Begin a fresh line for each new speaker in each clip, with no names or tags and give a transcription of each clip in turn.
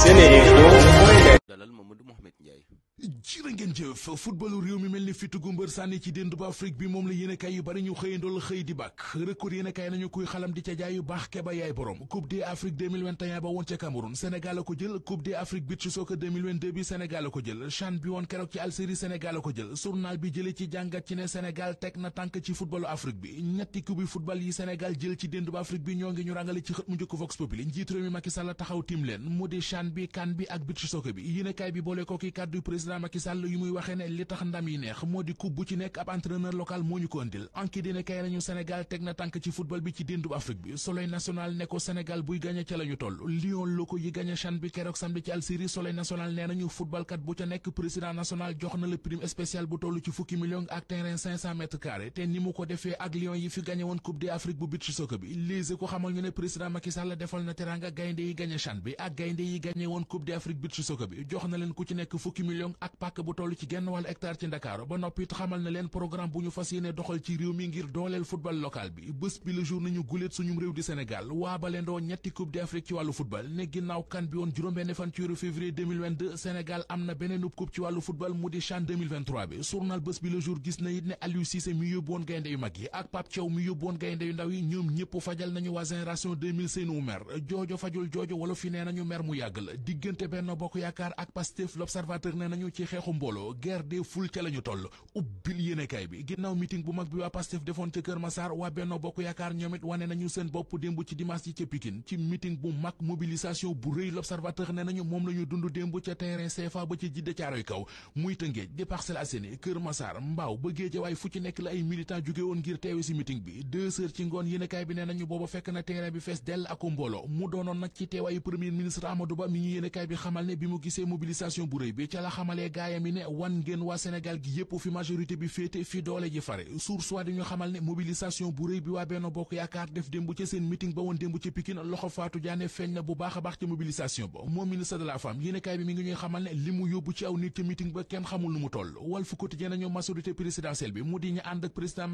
sene info dalal Mamadou Mouhamed Ndiaye jirë ngeen jëf footballu réew mi mel ni fitugu mbër sànni ci dénd bu Afrique bi moom la yéenekaay yu bari ñu xëyandool xëy di baax keba yaay ba woon ca Cameroun Sénégal la ko jël Coupe d'Afrique beach soccer 2022 bi Sénégal la ko jël CHAN bi woon keroog ci Algérie Sénégal la jël journal bi jële ci jàngat ci ne Sénégal teg na tànk ci footballu Afrique bi ñetti coupe football yi Sénégal jël ci dénd bu Afrique bi ñoo ngi ñu ràngale ci xët mu njëkk Vox Populi njiit président Macky muy waxee ne li tax ndam yi neex moo di coupe bu ci nekk ab entraîneur local moo ñu ko andil anki dina kay nañu Sénégal teg na tànk ci football bi ci déndub Afrique bi soleil national ne ko Sénégal buy gagné ca la ñu toll Lion yi gagné CHAN bi keroog samedi ci Algérie soleil national nee nañu footballkat bu ca nekk président national jox na la prime spéciale bu toll ci fukki million ak terrain 500 mètres te ni mu ko defee ak Lion yi fi gagné woon ku ak pàkk bu toll ci genn wàll hectare ci ndakaaru ba noppi it xamal na leen programme bu ñu fas yéene doxal ci réew mi ngir dooleel football local bi bés bi le jour nañu guléet suñum réew di Sénégal waa balendoo ñetti coupe d'Afrique ci wàllu football ne ginnaaw kan bi woon juróom-benn fan ci weeru février 2022 Sénégal am na beneen coupe ci wàllu football mu di CHAN 2023 bi journal bés bi le jour gis na it ne Aliou Cissé mi yóbbu gaynde yu mag yi ak Pape Thiaw mi yi ñoom ñëpp fajal nañu waa génération 2000 seenu mer joojo fajul joojo wala fi nee nañu mer mu yàgg la diggante benn bokk yaakaar ak Pastef l'observateur toll ci xeexu mbooloo guerre des foules ca la toll ubbil yéenekaay bi ginnaaw meeting bu mag bi waa Pastef defoon ca Kër Massar waa Benno Bokk Yaakaar ñoom it wane nañu seen bopp démb ci dimanche ji ca Pikine ci meeting bu mag mobilisation bu rëy l'Observateur ne nañu moom la dund démb ca terrain CFA ba ci jidde caaroy kaw muy Tëngéej di Parcelles Assainies Kër Massar Mbao ba Guédiawaye fu ci nekk la ay militants jóge ngir teewe si meeting bi deux ci ngoon xamalee gaayam yi ne wan ngeen waa Sénégal gi yépp fi majorité bi féete fi doole ji fare source waa di ñu xamal ne mobilisation bu réy bi waa Benno Bokk Yaakaar def démb ca seen meeting ba woon démb ca Pikine loxo Fatou Diané feeñ na bu baax baax ca mobilisation ba moom ministre de la femme yéenekaay bi mi ngi ñuy xamal ne li mu yóbbu ci aw nit ca meeting ba kenn xamul nu mu toll Walf Quotidien nañu majorité présidentielle bi mu di ñu ànd ak président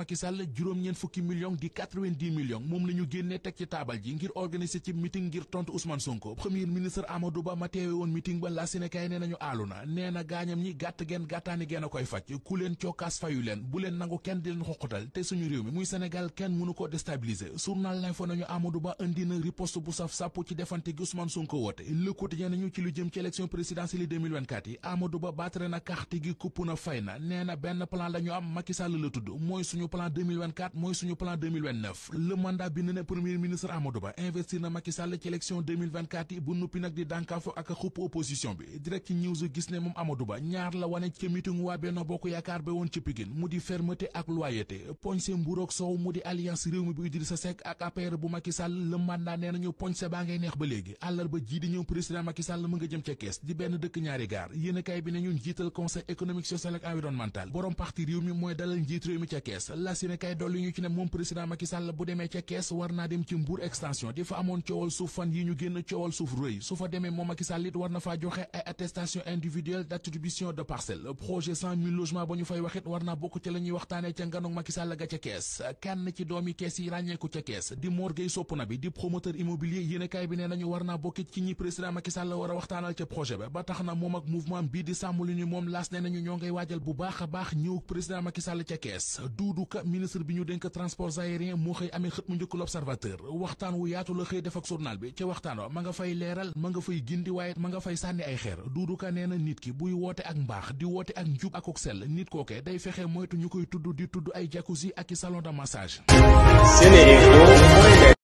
gaañam ñi gàtt geen gàttaani geen koy faj ku leen cokkaas fayu leen bu leen nangu kenn di leen xoqatal te suñu réew mi muy Sénégal kenn mënu ko déstabiliser journal l'info nañu Amadou Ba indi na riposte bu saf sàpp ci defante gi Ousmane Sonko woote Le Quotidien nañu ci lu jëm ci élection présidentielle yi 2024 yi Amadou Ba battre na carte gi kupp na fay na nee na benn plan la am Macky Sall la tudd mooy suñu plan 2024 mooy suñu plan 2029 le mandat na Macky Amadou ñaar la wane ca meeting waa Benno Bokk Yaakaar ba woon ci Pikine mu di fermeté ak loyauté poñse mbuur soow mu di alliance réew mi bu Idrissa Seck ak APR bu Macky Sall le nee nañu poñse baa ngay neex ba léegi àllarba ji di ñëw président Macky mu nga jëm ca kees di benn dëkk ñaari gaar yéenekaay bi ne ñun jiital conseil social ak environnemental borom parti réew mi mooy dalal njiit réew mi ca kees la yéenekaay dolli ñu ci ne moom attribution projet cent mille ba ñu fay waxit war bokk ca la waxtaane ca nganug Macky Sall ga ca kees kenn ci doomi kees yi ràññeeku ca kees di Mor Gueye sopp na bi di promoteur immobilier yéenekaay bi ne nañu war naa ci ñi président Macky Sall war a waxtaanal ca projet ba ba tax na moom ak mouvement bii di sàmm li ñu moom laas ne nañu ñoo ngay waajal bu baax baax ñëw président Macky Sall ca kees Doudou ministre bi ñu dénk transports aériens moo woote ak mbaax di woote ak njub ak ak sell nit kooke day fexe moytu ñu koy tudd di tudd ay jacuzzi ak i salon de massage